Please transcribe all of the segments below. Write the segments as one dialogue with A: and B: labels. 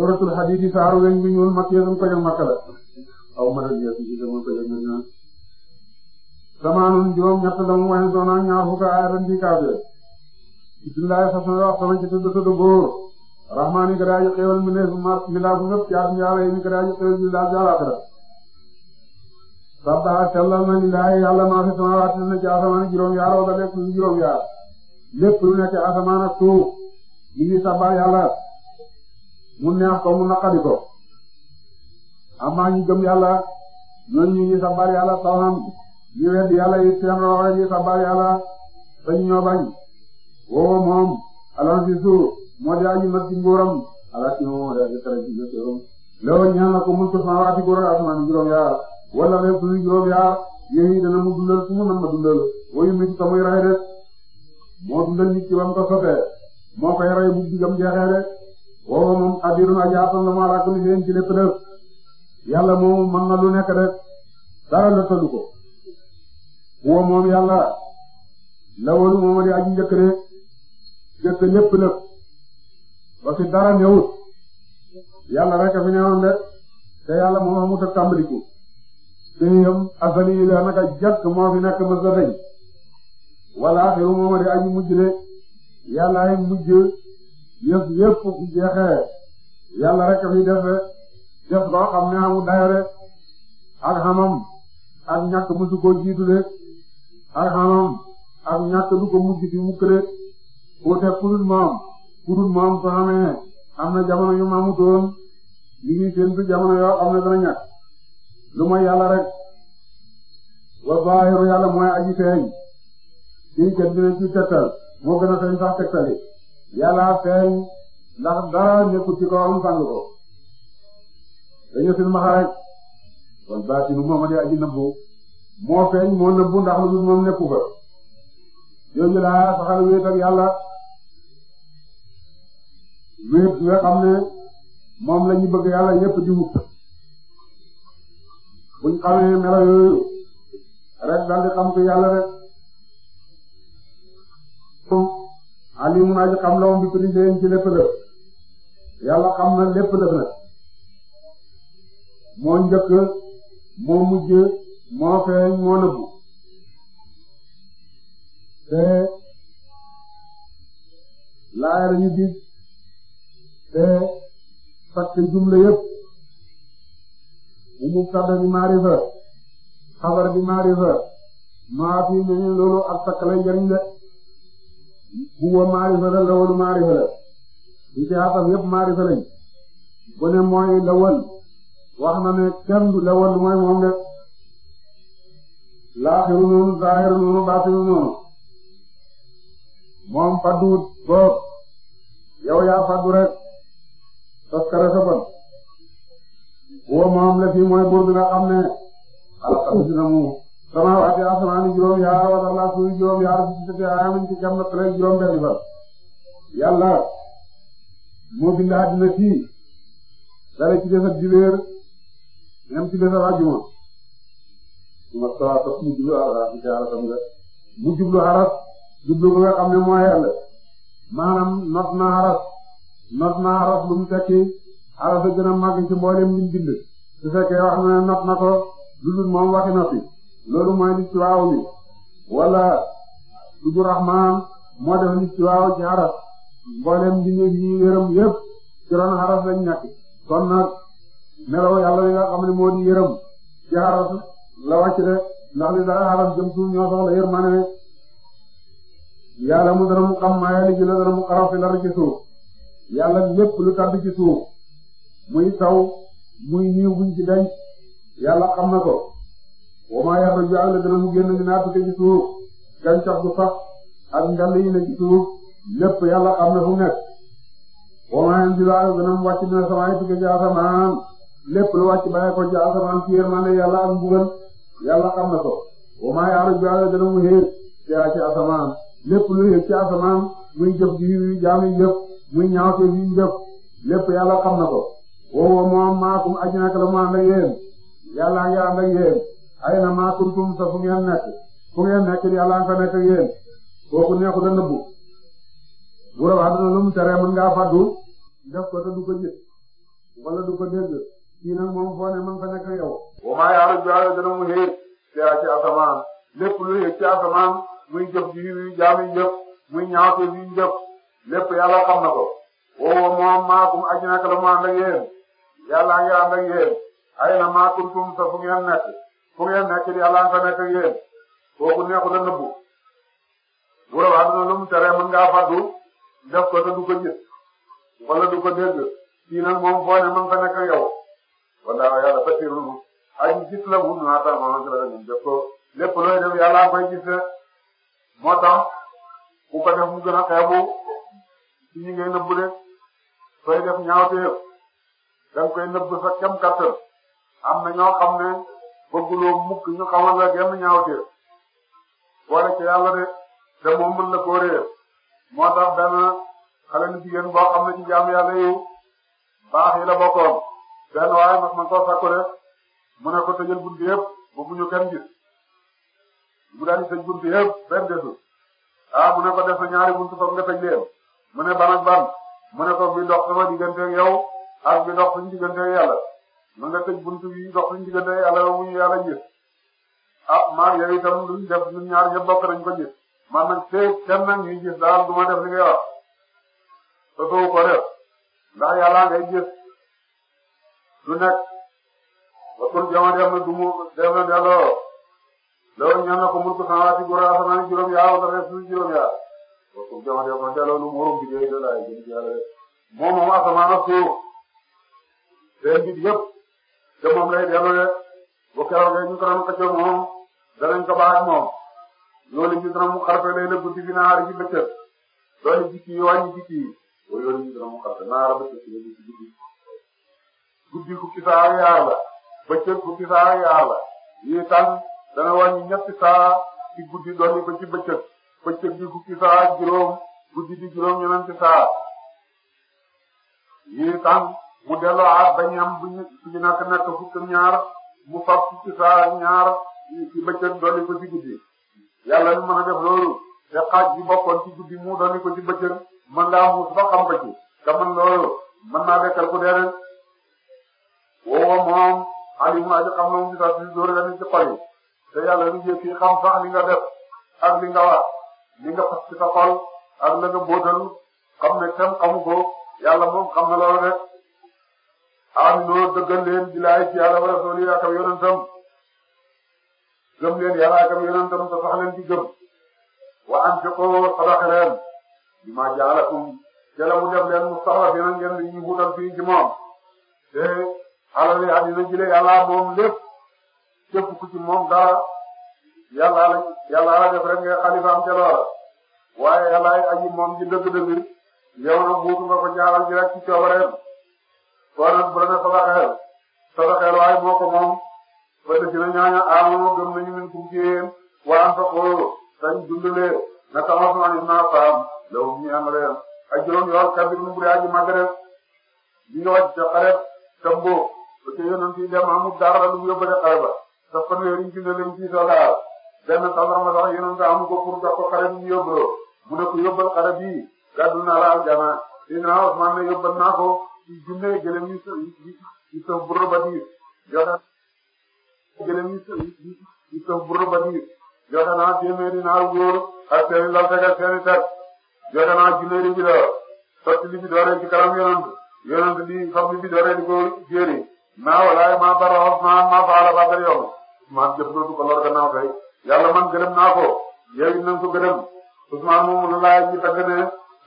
A: suratul hadid yi saaru weñ bi ñuul makk yëngu ko jëm makk la aw ma doon yëngu si jamono ko jëm ñun samaanun juróom ñett la mu wane doon ak ñaar fukk aaya ren bii kaafee bisimilah façon yoo xam ne ci tudd tudd góor rahmaani gadaay xéewal mi ne ma mi laa ko ñëpp ci àdduna yàlla yi mi gadaay xéewal mi laa jaalaat la. sabba sellal na lillahi yàlla maa fi samaawaat na ci asamaan juróom yaar wala lépp lu juróom yaar lépp lu nekk asamaan ak suuf li ngi sabba yàlla. mu neex ko mu naqari ko amaa gëm yàlla ñooñu ñu ngi sabal yàlla tawam ñu wedd yàlla yi seen roxo ñu sabal yàlla ñoo bañ woo moom moo di aji mag ci ala ci moom ala ci sara ci jëkkëram loolu ñaan na ko mun ko sama waati góor asmaan juróom yaar wala lépp lu juróom yaar yéen dana mu dundal fu mu nam ma dundal woyu mi ci tamuy rey rek moo dundal nit ki ba ko sopee moo koy rey bu digam jeexee rek woowa moom xabiirun aji atam la maa ràkk ci lépp def yàlla moomu lu nekk rek dara la tëlu moom yàlla la wolu di aji njëkk de jëkk ba fi dara newut yàlla rek fi newoon de te moom amut ak tàmbaliku suñu yëm asali jëkk moo nekk mës a dañ wala di aji mujj de yàlla ay mujj yëf yëpp bu jeexee yàlla rek fi def def loo xam ne amul dayore ak xamam ñàkk musu ko jiitu de ak xamam ñàkk du ko mujj di mukk de ku def ku dul moom ku dul moom soo xamee am na li ñuy séntu jamono yoo xam ne dana lu mooy yàlla rek wa zaahiru yàlla mooy aji feeñ ci kat dina ci tegtal moo gën a feeñ sax tegtali yàlla feeñ ndax dara nekkul ci kawam sàng ko dañu sil maxa rek wal baatinu moom a di aji nëbbu moo feeñ moo nëbbu ndax lu dul moom nekku fa jooju laa saxal wéet ak yàlla wéet nga xam ne moom la bëgg yàlla yépp di wut buñ xamee melo yooyu rek daal di xam ko yàlla rek alim aji xam la moom bi turi ci lépp lépp yàlla xam lépp lépp nag moo njëkk moo mujj moo feeñ moo nëbbu te laaya la ñu te takk jumla yëpp bu mubtada bi maarifa xabar bi maarifa maa fi ne loolu ak takk lay jariñ de bu woo maarifa la ndawal maarifa la li ci xaasam yëpp maarifa lañ bu ne mooy ndawal wax na ne kenn du ndawal mooy moom de laaxiru noonu zaahiru noonu baatiru noonu moom fadduut boog yow yaa faddu rek toskare sa bon bu woo moom la fii mooy buur bi nga xam ne alxames na mu. samaawaati asamaan juróom yaar wala laa juróom yaar ci sa juróom benn fa yàlla moo bind àddina fii dale ci bésab dibeer ñam ci bésab àjjuma ma mu jublu aras jublu aras nga xam ne mooy yàlla maanaam not na aras not na aras lu mu tekki aras a gën a màgg ci mboolem lim bind su fekkee wax not na ko lu dul moom waxi noppi loolu mooy li ci waaw bi wala sugu rahmaan moo def li ci waaw ci araf mboolem bi ñu ñu yërëm yëpp ci ron araf lañ nekk kon nag yàlla yi nga xam ne moo di yërëm ci araf la wàcc de ndax li dara araf jëm suuf ñoo soxla yërmande yàlla mu dana mu xam maa yàlla la dana mu xaraw lar ci suuf yàlla lépp lu tàbbi ci suuf muy taw muy niiw buñ ci denc yàlla xam na ko wamaa yàlla jaaxle dana mu génn di naat ci suuf gàncax gu sax ak ngàll yi ne ci suuf lépp yàlla xam na fu nekk wamaa yàlla jaaxle dana mu wàcc dina sama yëpp ci asamaan lépp lu wàcc bàyyi ko ci asamaan ci yërmande yàlla ak mbugal yàlla xam na ko wamaa yàlla jaaxle dana mu xéer ci asamaan lépp lu xéer ci asamaan muy jëf ji yu jaam yi jëf muy ñaaw te yu jëf lépp yàlla xam na ko. woowu moom maakum aji naka la mu ànd ak yéen yàlla ngi ay na maa kuntum sa fu ngeen nekk fu ngeen nekk yàlla nga fa nekk yéen kooku neexut a nëbbu bu la wax dana lu mu teree mën ngaa faddu def ko te du ko gis wala du ko dégg kii nag moom foo ne mën fa nekk yow. wa maa yaaru jaay dana mu xëy ci asamaan lépp lu yëg ci asamaan muy jëf ji yu jaam yi jëf muy ñaawte ji yu jëf lépp yàlla xam na ko. woowu moom maakum aji nekk la mu ànd ak yéen yàlla ngi ànd ak ay na maakum tum sa fu ngeen nekk. fu ngeen nekk di yàlla nga fa nekk ak yéen kooku neexu la nëbbu bu la waxee lu mu tere mën ngaa fàddu def ko te du ko gis wala du ko dégg kii nag moom foo ne mën fa nekk ak yow wala yàlla fàttiru ñu ay gis la mu naa tax ma la ñu def ko lépp looy def yàlla koy gis moo tax ku ko def mu gën a xeebu ci ñi ngay nëbbu de sooy def ñaawteef da nga koy nëbbu sa kem kattan am na ñoo xam ne. bëgguloo mukk ñu xamal la genn ñaawteef boole ca yàlla de te moom mën la koo réer moo tax benn xale ni jigéen boo xam ne ci yàlla yi baax yi la bokkoon benn waaye mas man koo sakku de mu ne ko tëjal buntu yëpp ba bu ñu kenn gis mu daal tëj buntu yëpp benn desul ah mu ne ko def na ñaari buntu foofu nga tëj leen mu ne ban ak ban mu ne ko bi dox sama digganteeg yow ak bi dox suñu digganteeg yàlla na nga tëj buntu bi dox suñu diggante yàlla wu ñu yàlla gis ah maa yow itam luñ def ñun ñaar ñëpp bokk nañ ko gis man nag tey kenn ñuy gis daal du ma def li ngay ko def ndax yàlla ngay gis du nekk ba pour jamono def na na delloo loolu ñaan na ko mulku samaawaati góor a asamaan juróom yaa wala rek suñu juróom yaa ba pour jamono def na delloo lu mu waroon liggéey de laay jëm ci yàlla moom moom asamaan ak suuf seen bit te lay delloo de bu keroog ñu doon xëccoo moom danañ ko baax moom loolu ñu doon mu xarfe lay la guddi bi naari ci bëccëg loolu jikki yi wàññi jikki yi loolu ñu doon mu xarfe naara bëccëg ci guddi guddi guddi fukki saa ak yaar la yi tan dana wàññi ñetti saa ci guddi doon ba ci bëccëg bëccëg bi fukki saa ak juróom guddi bi juróom ñeneen ci saa yi tan mu delloo aat ba ñam bu ñu ci nekk nekk fukk ñaar mu fab ci saa ñaar ci bëccëg dolli ko ci guddi yàlla ñu mën a def loolu te xaaj bi bokkoon ci guddi mu dolli ko ci bëccëg mën ngaa muus ba xam ko ci te man loolu mën naa dekkal ku dee rek woowa moom alimu aji xam na mu gisaat si dóor la ni ci xol yi te yàlla ñu jékki xam sax li nga def ak li nga wax li nga fas ci sa xol ak la nga bóotal xam ne kenn xamu ko yàlla moom xam na loolu rek. amiloo dëggal leen bilaay ci yàlla wa rasuuli ak ab yonentam gëm leen yàlla ak ab yonentam te sax leen ci gëm wa bi ma jaalakum jala mu def leen musta'rafiina ngeen ñu wutal fii moom te alal ku ci moom dara yàlla la yàlla moom ci dëgg-dëgg yow nag buutu nga ko jaaral ci coobareem kon nag bu la nee sadaxeel waaye moo ko moom ba dëkk bi ñooñu amoo gëm nañu waan fa ko dañ dundalee na sama sama ni naa faam loolu ñu leen ak juróom yoon kabir mu bu dee aji màgg rek di nga wàcc ca xaret tamboo dem amul dara lu mu yóbbu de xare ba te fanweer yi ñu lañ ciy soxlaal benn sàndarma sax yónent amu ko pour ko xare bi ñu yóbbu mu ne ko yóbbal xare bii gàddu naa la aljana dinaa Usmaan ne yóbbal naa ko ci junne gëlëm yi sa yi sa joxe gëlëm yi sa naar góor ak seeni lal teg ak seeni teg joxe naa junneeri bi door sotti li bi dooree ci kanam yonent yonent bi xam li bi ko jéeri naa walaay maa bara of maa baala baagal yow maa jëf dootu ko lor gannaaw kay yàlla man gërëm naa ko yow it nañ ko moomu la laay ñu tagg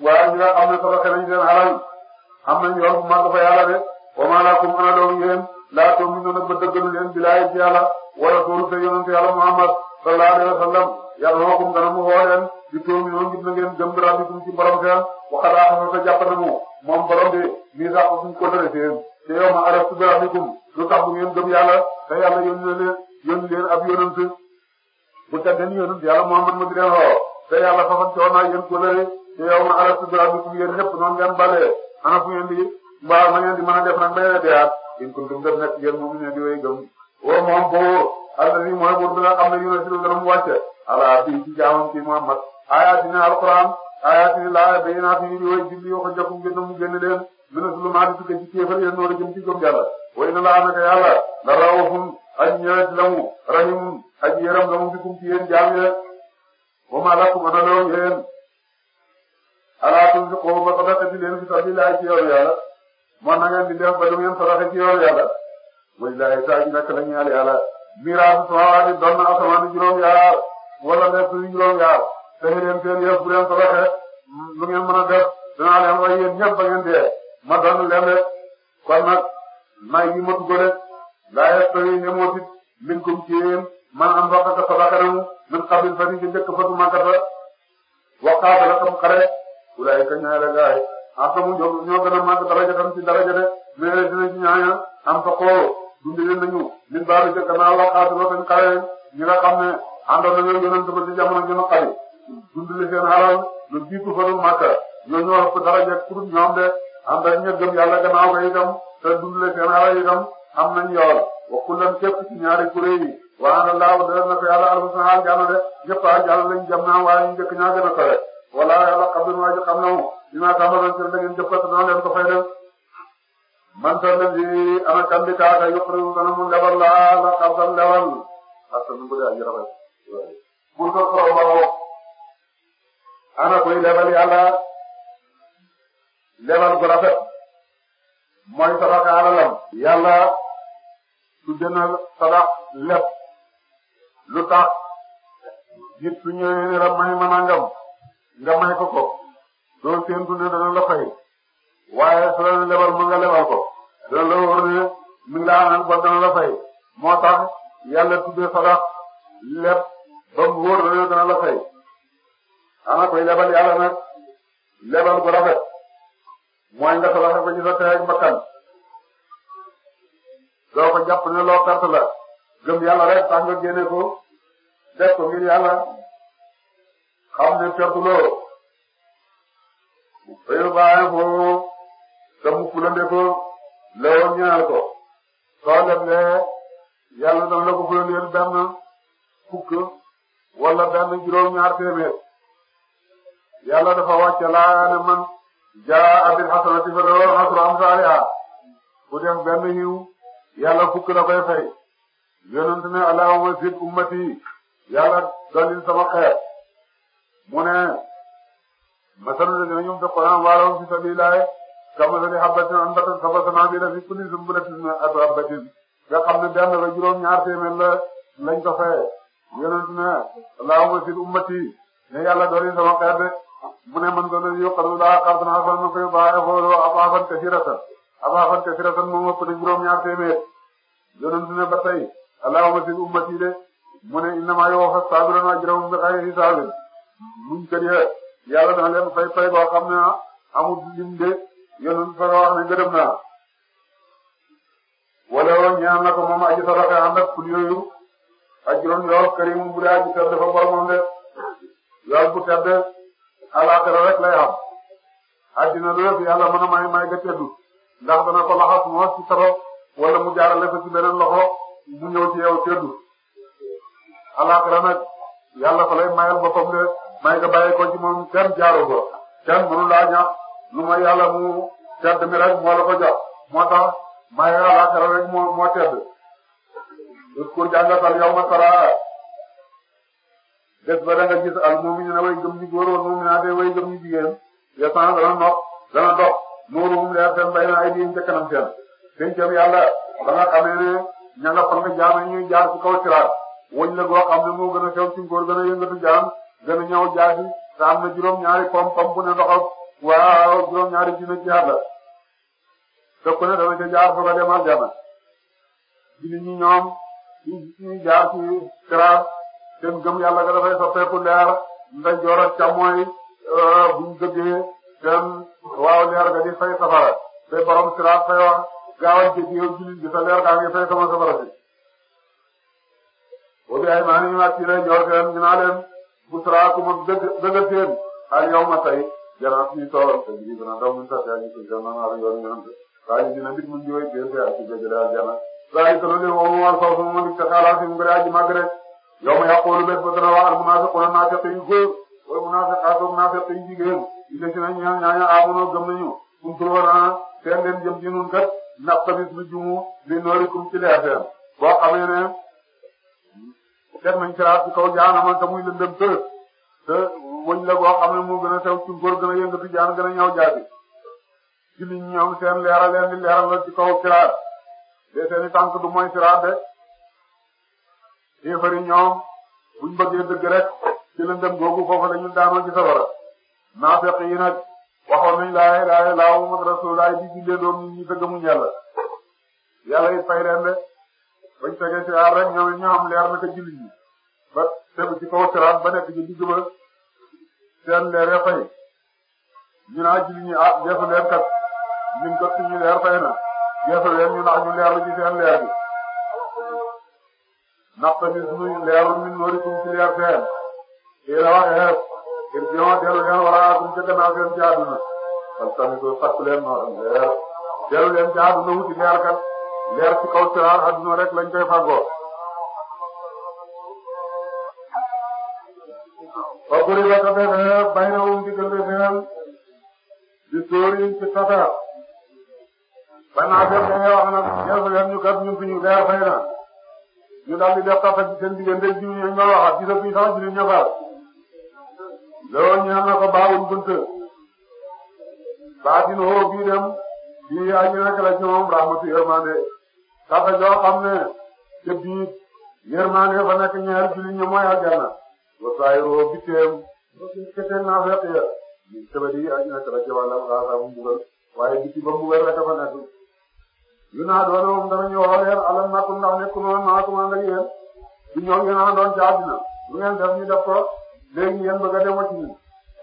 A: waaye ñu nga xam ne solo xëy na ñu am nañ yoon bu màgg fa yàlla de wa ma lakum ana doom yéen laa tu'minuuna ba dëggalu leen billaahi ci yàlla wa rasuulu te yonent yàlla muhammad sallallahu alayhi wa sallam yad'uukum dana mu woo leen di tu'minuuna ngir na ngeen gëm bi rabbikum ci borom seen wa qad axasa te jàpp na mu moom borom bi miisaaqu suñu ko dale seen te yow ma arastu bi rabbikum lu tax bu ngeen gëm yàlla te yàlla yónni leen yónni leen ab bu taggen yonent yàlla muhammad ma di ma arastu bi rabbikum ana fu ngeen di mbaa ma ngeen di mën a def nag bay deyaat in kuntum def nekk yéen moom ñu ne di way gëm moom boo allah ni mooy buur bi nga xam ne yuna si lu dara mu wàcce ala bii ci jaamam ci Muhammad ayatina alquran ayatina laa bayinaat yi di way jibli yoo ko jokkum gën mu génn leen mina sulumaat di tukke ci kéefal yéen noonu jëm ci gëm yàlla way na laa naka yàlla la rawoofun aji ñëwet a rahim aji yëram lamu bikum ci yéen jaam yi rek wa ma lakum ana jaay ci yoonu yàlla moo na ngeen di def ba du ngeen saraxe ci yoonu yàlla mooy laay saa ji nak la ñaari yàlla miraasu samaawaati doon na asamaan juróom-ñaar wala nekk juróom-ñaar te leen seen yëf bu leen saraxe lu ngeen mën a def dinaa leen way yéen ñëpp ba ngeen dee ma doon leen rek kon nag may gi matu ko rek laa yastawi nemotit minkum ci yéen man am baqata sabaqanamu min qabil fati ci njëkk fatu makata waqaata la xam xare ulaayika ñaare gaay asamu ñoo ñoo gën a màgg daraja tam ci daraja de mais dinañ ci ñaaya am fa xooloo dundee leen nañu ñun baalu ca gannaaw waxaatu ba seen xale ñi nga xam ne àndoon nañoo yonent ba ci jamono gën a xari dundale seen alal lu jiitu fa du Makka ñoo ñoo ëpp daraja pour ñoom de ànd ak ña gëm yàlla gannaaw ga itam te dundale seen alal itam am nañ yool waxul leen képp ci ñaari kuréel yi waaw laaw dara na ko yàlla alhamdulilah jàll de ñëpp a jàll lañ jam naa waaye ñu njëkk ñaa gën a sore wala yàlla xabir waa ji xam na mu bi ma tàmbaloon seen da ngeen jëf parce que dana leen ko fay def man sax na lii ana kan bi kaata yokku dana mu lebal laa la xabsal lebal parce que mu ko dee ak yërëbal. pour que xorom ba woo ana koy lebal yàlla lebal bu rafet mooy sadaka alalam. yàlla su dana sadak leb lu tax nit su ñëwee ne la may ma nangam. nga may ko ko loolu séntu ne dana la fay waaye su la lebal mën nga lebal ko dana la wóor ne mi ngi laa naan ba dana la fay moo tax yàlla tuddee sadax leb ba mu wóor ne dana la fay ana koy lebal yàlla nag lebal bu rafet mooy nga sadaxe ko ci sa teeg bakkan doo ko jàpp ne loo perte la gëm yàlla rek tax nga génne ko def ko ngir yàlla xam ne pertuloo fayu baaye foofu te mu fulande ko lawoon ñaar ko soo demlee yàlla daf la ko fulandeel benn fukk wala benn juróom ñaar téeméer yàlla dafa wàcce laa ne man jaa abil hasanati fa lahu asru amsaalihaa ku def benn yiw yàlla fukk la koy fay yonent ne allahumma zid ummati yàlla dolil sama xeet mu ne masalu dinañu Alxuraan waalaw fi sabilillah kamasali habbatin anbatat sab'a sanabila fi kulli sunbulatin mi'atu habbatin nga xam ne benn la juróom-ñaar téeméer la lañ ko fayee yonent ne allahumma sil ummati ne yàlla doori sama xeet de mu ne man doon yuqadu laa qardan hasanan fa yudaa'ifahu ad'aafan kasiiratan ad'aafan kasiiratan moom ëpp na juróom-ñaar téeméer yonent ne ba tey allahumma sil ummati de mu ne innamaa yuwaffa saabiruuna ajrahum bi xayri hisaabin muñ ko dee yàlla dana leen fay fay boo xam ne ah, amul lim de yonent fa wax ne gërëm naa wala woon ñaan na ko moom aji sadaqa ànd ak ful yooyu ak juróom yor kër yi moom bu dee aji tedd dafa bor moom de yool bu tedd alaxira rek lay am addina lépp yàlla mën a may may ga teddu ndax dana ko laxas moo ci sabab wala mu jaarale ko ci beneen loxo mu ñëw ci yow teddu alaxira nag yàlla fa lay mayal boppam de may nga bàyyi ko ci moom kenn jaaroo ko kenn mënu laa ñaax nu ma yàlla mu tedd mi rek moo la ko moo tax may alaxira rek moo moo tedd uskur jàngatal yow ma tara bés ba da nga gis al mu'minina way gëm ñi góor wal mu'minate way gëm ñi jigéen yasan dana nox dana dox nuuruhum leer seen bay na ay diin ca kanam seen pencam yàlla ba nga xamee ne ña nga fal nga jaam ñuy jaar ci kaw siraat la goo xam ne moo gën a xew ci ngóor gën a yëngatu jaam gën a ñëw jaasi te am na juróom-ñaari pom pom bu ne ndoxam waaw juróom-ñaari junne jihaad la te ku ne dana ca jaar soog a dem aljana jullit ñi ñoom ñu jaar ci siraat seen gëm yàlla ga dafay soppeeku leer nday joor ak càmmooy euh, buñ dëggee seen waaw leer ga di fay safara te borom siraat fay wax gaawal jéggi yow jullit gi sa leer gaa ngi fay sama safara si. boobu ay maa ngi ñu naan ci rajo Jokalante ñu naa leen. busraakum ak dëgg dëgg seen al yawma tey jaraaf ñuy toolam te bii dina daw ñu sax dañuy gis gannaaw yoon ñu naan waaye dina nit mu ñëwee bee see ak dëgg daal jana waaye te loolu moom mooy saw sama mën ca xalaat yi mu gën a aji màgg rek yow ma yàqoolu bés ba dana wax al munaafiquna naafiq yu góor wala munaafiqaatu naafiq yu jigéen yi des na ñaan ñaan amunoo gëm nañu kuntu wana seen leen jëm ci nun kat naqtabis bu jumu li noorikum ci leer seen boo xamee ne def nañ siraat ci kaw jaanama te muy lëndëm të te wëñ la goo xam ne gën a sew ci góor gën a yëngatu jaan gën a ñaw jaabi ci liñ ñoom seen leeral leen leeral ci kaw siraat de seeni tànk du mooy siraat de yéefari ñoom buñ bëggee dëgg rek ci lëndëm googu foofu la ñu daanoo ci safara naafeq yi nag waxoon nañ laa ilaaha illallaah Muhammad rasuulullaah di jullee doon nit ñi te gëmuñ yàlla yàlla it fay de bañ tegee siraat rek ñoom ñoo leer naka jullit ñi ba tegu ci kaw siraat ba nekk ci digg ba seen fay ñu naa jullit ñi ah geesu leen kat ñun kat suñu leer fay na geesu leen ñu naa ñu leerlu ci seen leer bi ndax tamit suñu leerlu min warikum ci leer seen kii la waxee irji'u dellu ca gannaaw seen ci àdduna parce que tamit fàttali leen noonu leer dellu leen ci àdduna wuti leer kat leer ci kaw siraar adduna rek lañ koy fàggoo ba bëri ba tafe fee bay na wum diggante feneen di sóori ci safar ba naa fekk dañuy wax nag ñeent leen ñu kat ñun suñu leer fay na ñu daal di def tafe ci seen diggante jiw ñu ñoo waxat gisatuñ sax jullit ña faal loolu ñu na ko baawul bunt baatin hoo bii dem bii aji rek la ci moom rahmatu yërmande kafe joo xam ne ca biir yërmande fa nekk ñaar jullit ñi mooy aljanna wasaay roo bitteem kese naa fekk ya ñu tëbëri ak ña tëbëri wàllam xaaral mu mbugal waaye bitti ba mbugal rek fa nekk yu naa doon moom dara ñu waxal leen alam nakum ndax nekkul woon maa kuma ànd ak yéen ci ñoom ñu naan doon ca àddina lu ngeen def ñu def ko léegi ngeen bëgg a dem ci ñun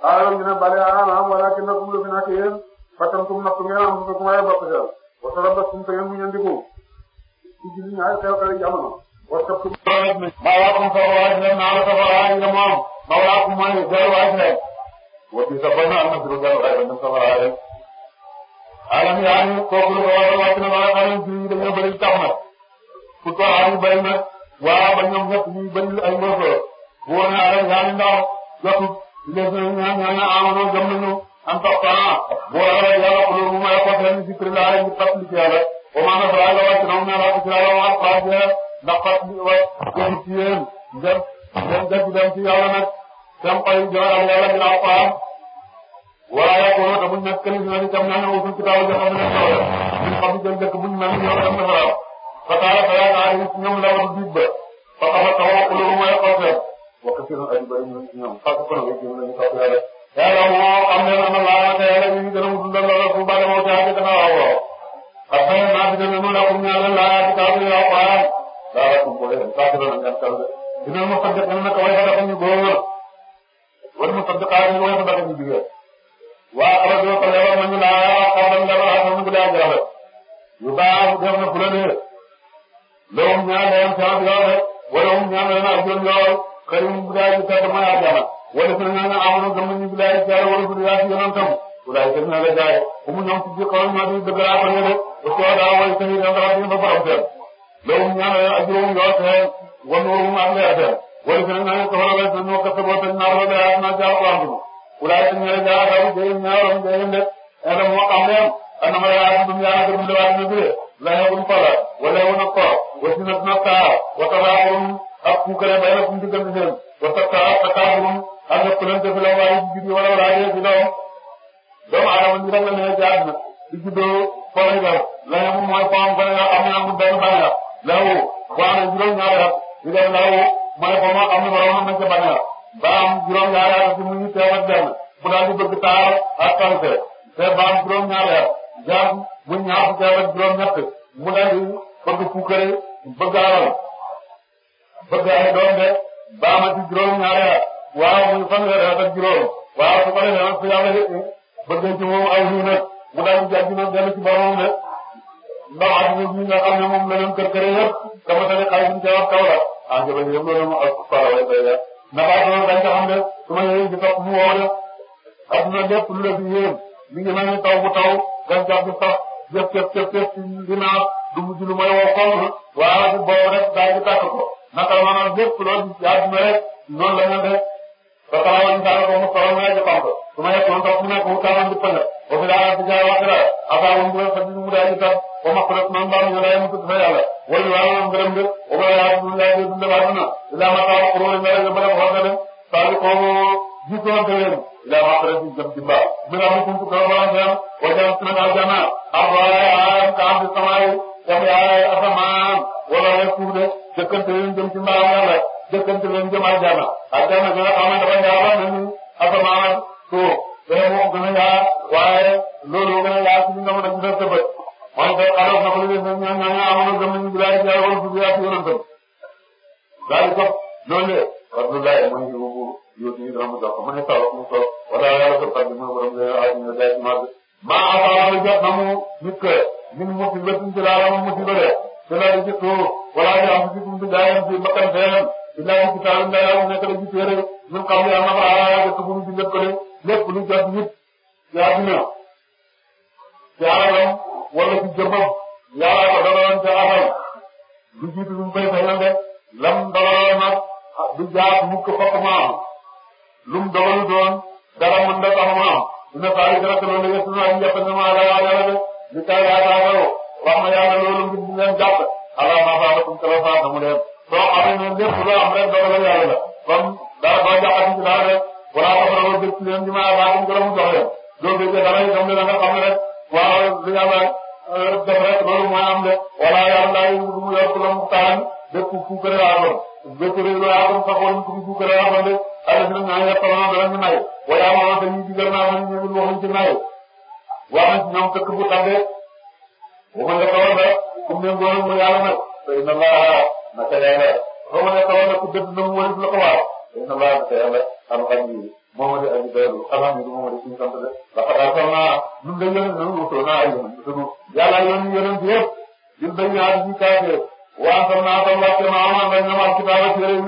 A: xaaral ñu ne bale aanaam ah ah wala kenn ku lu fi nekk yéen fatam tum napp ngeen am ko ku may bopp seel wasala bas tum te ngeen mu ñandiku ci gis ñaari xew-xewi jamono. war ko tudd. mawlaakum safaraay nga naan safaraay nga moom mawlaakum mooy delluwaay rek. wa fi safar na am na dugub yàlla waaye ba dem safaraay rek. alam yaa ngi kooku lu ko waral wàcc na ba ku toxaat yu bëri nag. waaw ba ñoom ñëpp ñu ay mbooloo. bu wane alam yaa ngi ndaw jotut. léegi nag ñoom ñoo ñu amoon gëm nañu am tax bu waral yàlla ku loolu mooy ko seen zikr laa rek ñu fàttali ci yàlla. commencé balaa nga wàcc na mu ne la ko si la la wax xaar bi ndax xar bi wax seen ci yéen ngeen ngeen jëf dem ci yàlla nag seen xol yi jëlaat yàlla dina ko am wala yaa ko woon te buñ nekk këriñ la ni tam naa ne wutul ci taw bi xam ne ñoo la ñun xam ngeen dëkk buñ mel ni ñoo dem defaral fa taala fa yaa naa yi ñoom la ko dig ba fa xamal taw ak lu mooy xol seen wax ci leen aji bari ñun ñoom fa ko ko ci ñu ko yàlla yàlla moo xam ne na la la yàlla yi gëna mu dundal la fu ba dama ci ak dana waaw asal naa fi demee mu nekkul ñaar la laajal saa fi ñaaw xaaral daal la ko booyee saa fi doon ak gàttal de. dina ma sànq dina nekk waaye fa dafa ñu góor la wala ma sànq xaaral ñu waaye fa dafa ñu jigéen. waa xaral dina ko lebal ma ñu laa xaaral dara xaaral mu guddaa jafe. yu baax def na fula de loolu ñaar la yem saa fi yow de wala mu ñaar la yem ak yoon yow xëy mu guddaa ji kat ma yaa jàll. wala fi ñaar nga amoon gëm nañu guddaa ji jaay wala guddaa ji yoonam tam. guddaa ji dina la jaay ku mu ñoom ci biir xaw ma di dëgg laa ko ñëw de استودع ويستهيد عند ربهم فبرد لهم أجرهم يوسعهم ونورهم عن يأتهم ولسنين يكفر بيسن وكسبوا في النار وبيعاتنا جاءوا ربهم أولئك من يجاء أبو جهل نارهم جهل لك أعلم وقعهم أنما يعلم الدنيا أجر من لبعض نبيه لا يكون فلا ولا يكون الطاع وسنة نطاع وتضاعهم أبوك لبينكم تجمدهم وتقطع تقابلهم أن يقتلن في الأوائل الجديد ولو لا يجدهم دم على من يرمى من يجعلنا di juddoo Korega layamu mooy Pogam Korega am na amul benn bànneex lawu boo amee juróom-ñaari at di leen lawu mooy Pogam am na borom am nañ ca bànneex ba am juróom-ñaari at ci muy teew ak benn bu daal di bëgg taar ak qualité te ba am juróom-ñaari at jaar bu ñaar bu teew ak juróom-ñett mu daal di bëgg puukare bëgg alal bëgg ay doom de ba amati juróom-ñaari at waaw muy fanweeri at ak juróom waaw su ko defee nag su yàlla bëgg ci moom aw jiw nag. mu daal di jàpp nag dellu ci boromam de ndax adduna bi nga xam ne moom la leen kër kër yëpp dama tane xaalis bi ca wax kaw la ah jërëjëf yëpp loolu moom ak faara way bay la nafaat loolu dañ ko xam de su ma yëyee di topp mu woo de adduna lépp lu la fi yéen mi ngi mel ni taw bu taw gàncax gi sax jëf jëf jëf jëf ci ginnaaw du mujj lu may woo xonk waaye du boobu rek daal di tàkk ko naka la maanaam lépp loolu ci adduna rek noonu la ñu def ba xalaat ñu daal ko mu xorom rek a tànk suma yekkoon tax mu nekk mu taalam di pënd ba fi laa di jaay waxira asaabam bu fa di mu daay itam ba ma xulat man mbaam ñu daay mu tudd fa yàlla wala waa moom gërëm ngir wala yaa du laa di dund baax na ilaa ma taa xuroo nga rek ba def wax nga dem saa di ko jiitoonte leen ilaa ma xulat jëm ci mbaa mi nga mu kuntu kala borom seen wajan sina ka jana arwaay aayam ka am ci samaay jam yaay asamaan wala ya suuf de jëkkante leen jëm ci mbaa yàlla jëkkante leen jëm aljana aljana ga nga xamante ba yàlla na ni asamaan suuf bee moo gën a yaa waaye loolu moo gën a yaa suñu jamono ji def te bëri mooy que xaaral na ko li ñoom ñoo ñoo amoon gëm nañu bilaay bi yàlla wala suuf yaa si yonent bi daal di topp loolu yëpp Abdoulaye mooy ñu ko yóot ñu dama jox ko mu ne sawa mu sawa wala yàlla ko fàtte mu ne borom de ay ñu daay ci màgg maa afaala jot na mu nit que min mu fi bëtt ci laa la mu ci bëre ci laa di ci tuur wala ñu am ci tuuti jaayam ci bakkan feenam ci laa ci taalim daa yàlla nekk la ci téere ñun xam ne am na fa aaya dëkk bu ñu ci njëkkale lépp lu jot nit ci àdduna ci wala ci jëmmam yàlla ko dogaloon ca afal du jiitu lu koy fayal de lam ah, mukk fokk maam lum dogalu doon dara mën na tax maam dina faa yu dara loolu yëpp naa maa la waa yàlla de li ma yàlla loolu ngir ñu leen jàpp ala maa faa kum kala faa xamu leen soo xamee ne lépp loo am rek dogalu yàlla ñoom ñu ma da yéen a ma soxla a yéen parce que yàlla yéen yéen a ngi fi yëpp. yéen dañuy àgg si saa yéen. waaw xam naa ko wàcce ma amoon nañ ne ma ci taal ak yéen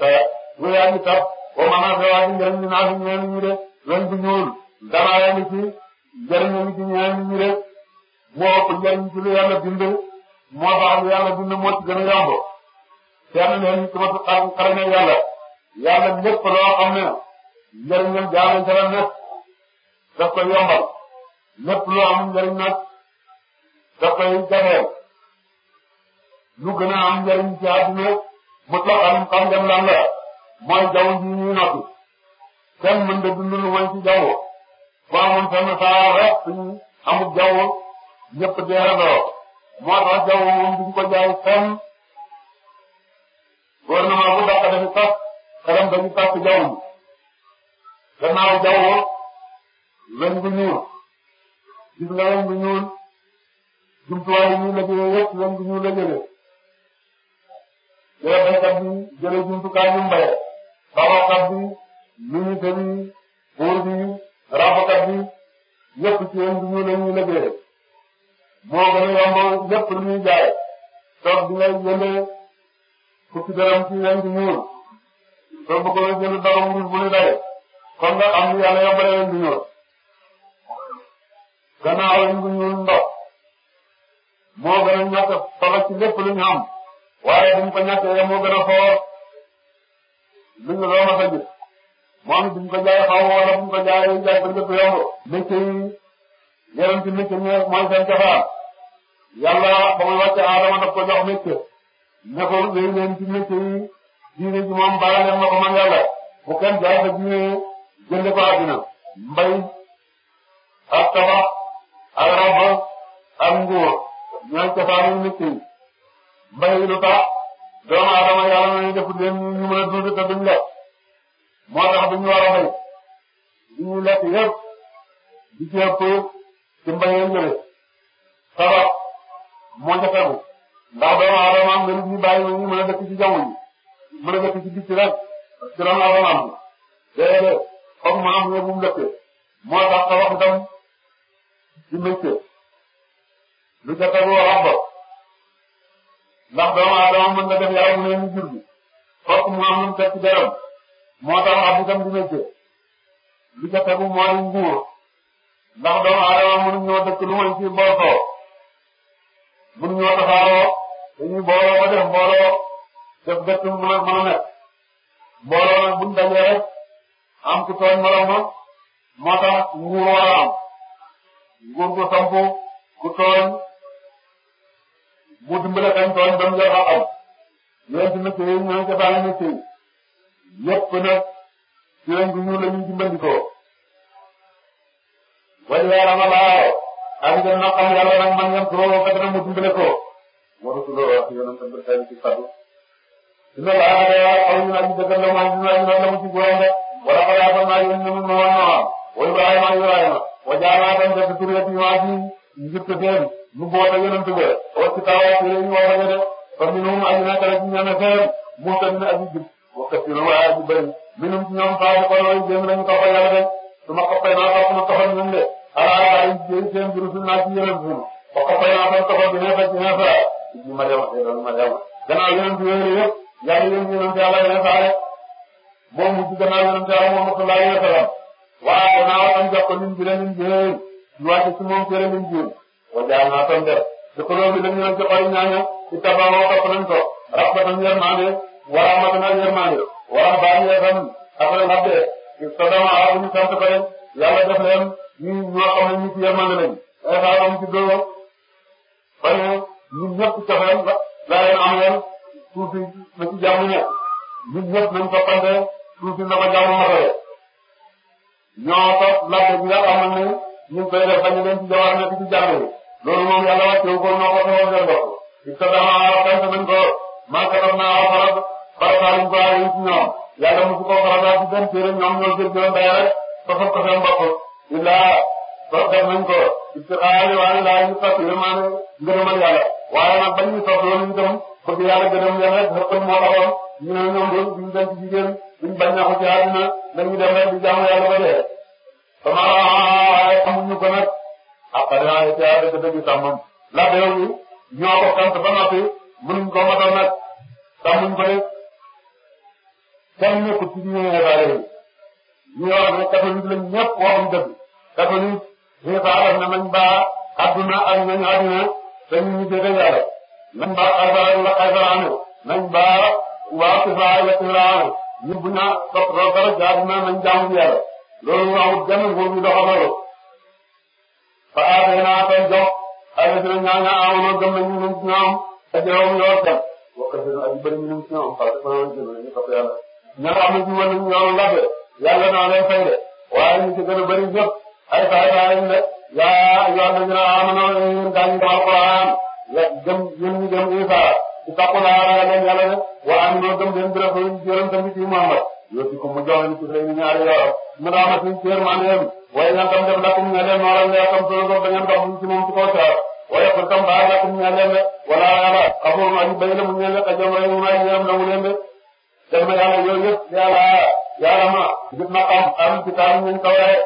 A: taya lu yaa ngi tax wa maanaam da waa ci njëriñ li naan ñëw ñu de ren bi ñëwul dara yaa ngi ci njëriñ li ci ñëw ñu de moo ëpp njëriñ ci lu yàlla bind moo moo ci gën a yomb kenn leen ci ma xarane yàlla yàlla lépp loo xam la nekk daf koy loo am njëriñ nag daf koy jafeel lu gën a am njëriñ ci àdduna mutlaqan xam ngeen lan la mooy jaww ji ñuy noppi kenn mën da dund lu moy ci jaww boo amoon fenn saa rek suñu amul jaww ñëpp deeradoo moo tax jaww moom duñ ko jaay fenn gouvernement bu dàq dañu tas xelam dañu tas jaww ji gannaaw jaww lañ bu ñuul gis nga lañ bu ñuul jumtuwaay yi ñuy liggéeyee yëpp lañ bu ñuul la jëlee jërëjëf béykat bi jëlee jumtukaay yu mbéy sàmmkat bi ministre bi buur bi rafetkat bi ñëpp ci yéen ñu ne ñu moo gën a yomb lépp lu ñuy jaay toog di nga jëndee fukki dërëm ci yéen di ñuul soo bëggoon jënd dara mu ngi bëri daye kon nga am lu yàlla yombalee yéen di ñuul gannaaw yéen di ñuul ndox moo gën a ñàkk solo ci lu ñu am. waaye bu ñu ko ñàkkee moo gën a foor lu ñu loo mën a gis moom bu ñu ko jaayee xaw wala bu ñu ko jaayee jaay ko njëkk yomb. métier yi yeneen ci métier ñoom mooy seen cafaan ba muy wàcce Adama daf ko jox métier ko wéy leen ci métier yi ji moom bala leen na ko man yàlla bu kenn jaay ko diine jënd ko àddina mbay ak tabax ak ràbb ak nguur ñooy cafaanu métier yi. mbay lu tax doomu aadama yàlla nañu def leen ñu mën a dund te duñ moo tax duñu war a bay duñu lekk yëpp di mbay lañ jëlee moo ca tegu ndax doomu aadama am nga ñu bàyyi mën a dëkk ci jaww ji mën a dëkk ci bitti rek ci doomu aadama am déedéet foog mu am ñoom mu dëkkee moo tax sabab itam ci métier lu ca tegu wax ndax doomu aadama mën na def yaram mu ne mu jur gi fokk mu am lu mu teg ci dërëm moo tax ab di métier li ca tegu mooy nguur ndax doomu aadama mënuñoo dëkk lu may ci mbooloo mënuñoo tasaaroo dañuy booloo ba def mbooloo def dëkk mën a mën a nekk mbooloo nag buñ dajee am ku tooñ moroom ma tax nguur war nguur gu sampu ku tooñ mu dimbale kañ tooñ ba mu jox ak ay yéen tamit ci yéen ñoo ngi ca bàyyi na ci yëpp nag ci lañ ko ñëw la ñuy dimbandikoo. wàllu yaram a baaw ak yéen a xam yàlla nag man ngeen trop mu dimbale ko. moo tax loolu wax yéen a ngi tëdd ci fadu. su laa waxee waaye xaw ñu naan ñu dëggal la moom ñu naan la mu ci góoram rek. wala ko yaakaar naa yéen ñu ma woon na waam. wa Ibrahima Ibrahima. wa jaaraama tam def tur la ci waa ci njëkk seen. ñu boole yonent ba wa kitaabaat yi ñu war a def fa minhum ay naka la ci ñeme seen muhtamin aji jub wa kasirun ay aji bëri minhum ci ñoom faaw ko looy jéem nañu topp yàlla rek su ma toppee naa topp ma toxal ñun de ala ay jéem seen biir suñu naa ci yonent bi wa toppee naa topp toxal bi neefa ci neefa ci Mariama te eh, loolu Mariama gannaaw yonent yooyu yëpp yàlla yéen yonent yàlla neefa rek moom mu ci gannaaw yonent yàlla moom sallallahu alayhi wa sallam waaw gannaaw am jox ko lim bi la lim bi ci wàcce ci moom kër lim bi wajaal naa tontu bi xulóo bi dañu leen ci xool ñaañu ci tabax topp nañ ko raxbatan yërmande waraamatan ak yërmande waraam baa ñu itam ak leen rabbe sadama arabu ñu sant ko yàlla def leen ñu ñoo xam ne ñu ci yërmande lañ ay xaaram ci dóor ba ne ñun ñëpp cofeel la leen am leen tuuti na ci jàmm ñëpp ñun ñëpp nañ toppante tuuti na ko jàmm matale ñoo topp laaj bi nga xam ne ñu ngi koy def ba ñu leen ci jawaar nekk ci jàmm yi loolu moom yàlla wàcceewu ko noo ko xamoon seen bopp. is ko damaa sant nañ ko man kat am naa farat farataaliñ ko ay ci ñoom yàlla mosu ko farataal ci benn téere ñoom ñoo jël jëloon day rek fasal ko seen bopp. illaa soog def nañ ko istixaari waaye laa ñu fas yéemaane ngërëmal yàlla waaye nag bañ ñu soog loolu ñu dem bëgg yàlla gërëm yàlla rek xëpp moo taxoon ñu ne ñoom loolu duñ dem ci jigéen duñ bañ na ko ci àdduna nañu dem rek di jaamu yàlla ba dee.
B: sama
A: ko nag. ak xanaa ca dëgg dëgg sàmm labéew yi ñoo ko ba noppi mënuñ ko matal nag sàmmuñ ko ci ñoom Xibaar yi ñu wax ne catholique lañ ñëpp waxuñ dëgg catholique Xibaar def na ba adduna ak ñoom adduna te ñu ñu jëlee yàlla nañ ba xayma la xaymaane nañ ba waa Xibaar la Xibaar ñu bu ñu topp dara jaar na nañ jaamu yàlla loolu waxut benn nguur ñu doxal loolu. fa aatee naa koy jox xale si ne ñaaña amoon gëm nañu ñun si ñoom te teewul ñoo teg wax dëgg yàlla ñu bëri ñun si ñoom parce que fa la ñu ñu topp yàlla. ñoo xam ne ci wàllu ñoom laaj yàlla naa leen fay de waaye ñu ci gën a bëri ñëpp ay saa saa leen de yaa yoo xam ne ñu ne ah man maa ngi leen daañu ko alquran ya gëm yéen ñu gëm Isa ci takku naa ragal leen yàlla de waaye ñu doon gëm leen dërëf yi ñu jëloon tamit ci Muhammad yoo ci ko mu jox leen ci xëy na ñaari yoo mu daa ma ci cër maa ngi waaye ña tam def lakum ña leen nooram ne tam soo doon da ngeen dox ci moom ci kaw saa waaye pour tam baax lakum ña leen de wala yàlla xamoo ma ñu bañ la mu ñeen de xajam rek mu may ñeem la mu leen de dem na yàlla yooyu yëpp yàlla yàlla ma gis na xam am ci taam ñu kaw rek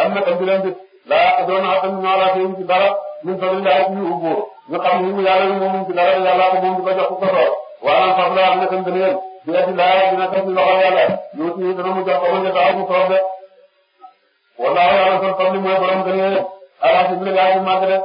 A: am na tam di leen gis laa doon naa tam ñoo laa ci dara min fa lillahi ci ñu ubbu ñu xam ni mu yàlla yi moom ci dara yàlla ko moom di ko jox ku ko soor waaye fab la am na tam gën yéen bi ati laa dina tam ci loxo yàlla ñu ci dana mu jox ko ba ñu taxaw mu soor de wallaahi yàlla kon xam ni mooy borom gën a alaasi bi la yaa ngi màgg de